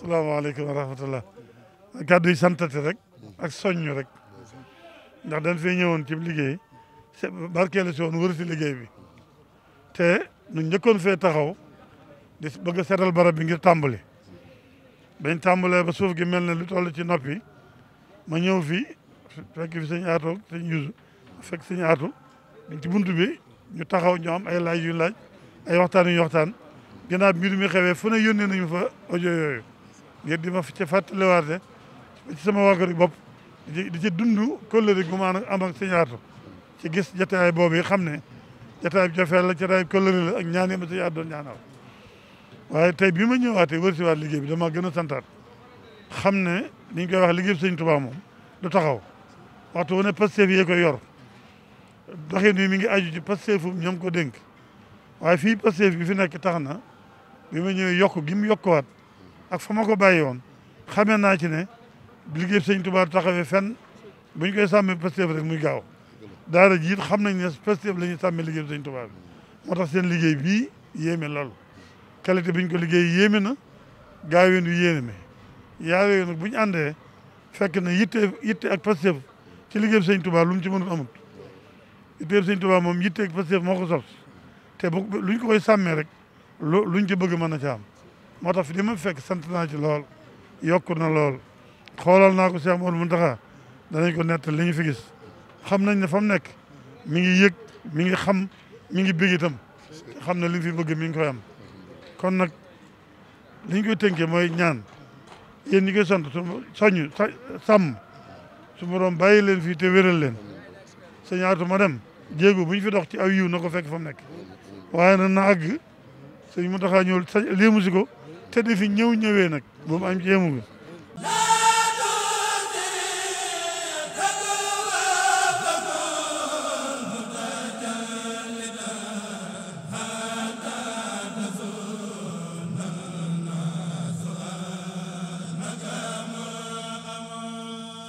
asalaamaaleykum wa rahmatullah kàddu yi santati rek ak soññu rek ndax dañ fee ñëwoon ci liggéey barkeelu si woon wër liggéey bi te nu njëkkoon fee taxaw di bëgg a seetal barab bi ngir tàmbali bañ tàmbalee ba suuf gi mel ne lu toll ci noppi ma ñëw fii fekk fi sëñ aatoog sëñ yusu fekk sëñ aatu ci bunt bi ñu taxaw ñu am ay laaj yu laaj ay waxtaan yu waxtaan ginnaaw mbir mi xewee fu ne yónnee nañu fa audio yooyu ngeen di ma fi ca fàttaliwaate ci sama wàggaru bopp di ci dund kóllëre gu ma am ak sëñ ci gis jataay boobu yi xam ne jataay bi jofeel la jataay bi kóllëre la ak ma sëñ doon ñaanal waaye tey bi ma ñëwaatee wërsiwaat liggéey bi dama gën a santaat xam ne ni ñu koy wax liggéey bi sëñ Tuubaa moom taxaw waxtu wu ne Pastef yee koy yor doxin yi mu ngi aju ci Pastefum ñoom ko dénk waaye fii Pastef bi fi nekk tax na bi ma ñëwee yokk gi mu yokkuwaat ak fa ma ko bàyyi woon xamee naa ci ne liggéey sëñ Tuubaa taxawee fenn bu ñu koy sàmmee Pastef rek muy gaaw daara ji xam nañ ne Pastef la ñuy sàmmee liggéey sëñ Tuubaa bi moo tax seen liggéey bii yéeme lool qualité bi ñu ko liggéey yéeme na gaaween yu yéene me yaa yooyu nag bu ñu àndee fekk na yitte yitte ak Pastef ci liggéey sëñ Tuubaa lu mu ci mënul amut yitte sëñ Tuubaa moom yitte moo ko sos te bu luñ ko koy sàmmee rek lu luñ ci bëgg mën na ci am moo tax fi di ma fekk sant naa ci lool yokku na lool xoolal naa ko Cheikh Mouhamadou Mountakha danañ ko nett li ñu fi gis xam nañ ne fa mu nekk mi ngi yëg mi ngi xam mi ngi bég itam xam ne li mu fi bëgg mi ngi koy am kon nag liñ ñu koy tënkee mooy ñaan yéen ñi koy sant su soññ sàmm su borom bàyyi leen fii te wéral leen sëñ Atou ma dem jéego buñ fi dox ci aw yiw na ko fekk fa mu nekk waaye nag na àgg sëñ Mountakha ñëw sa léemu si ko te di fi ñëw ñëwee nag bu mu am jéemu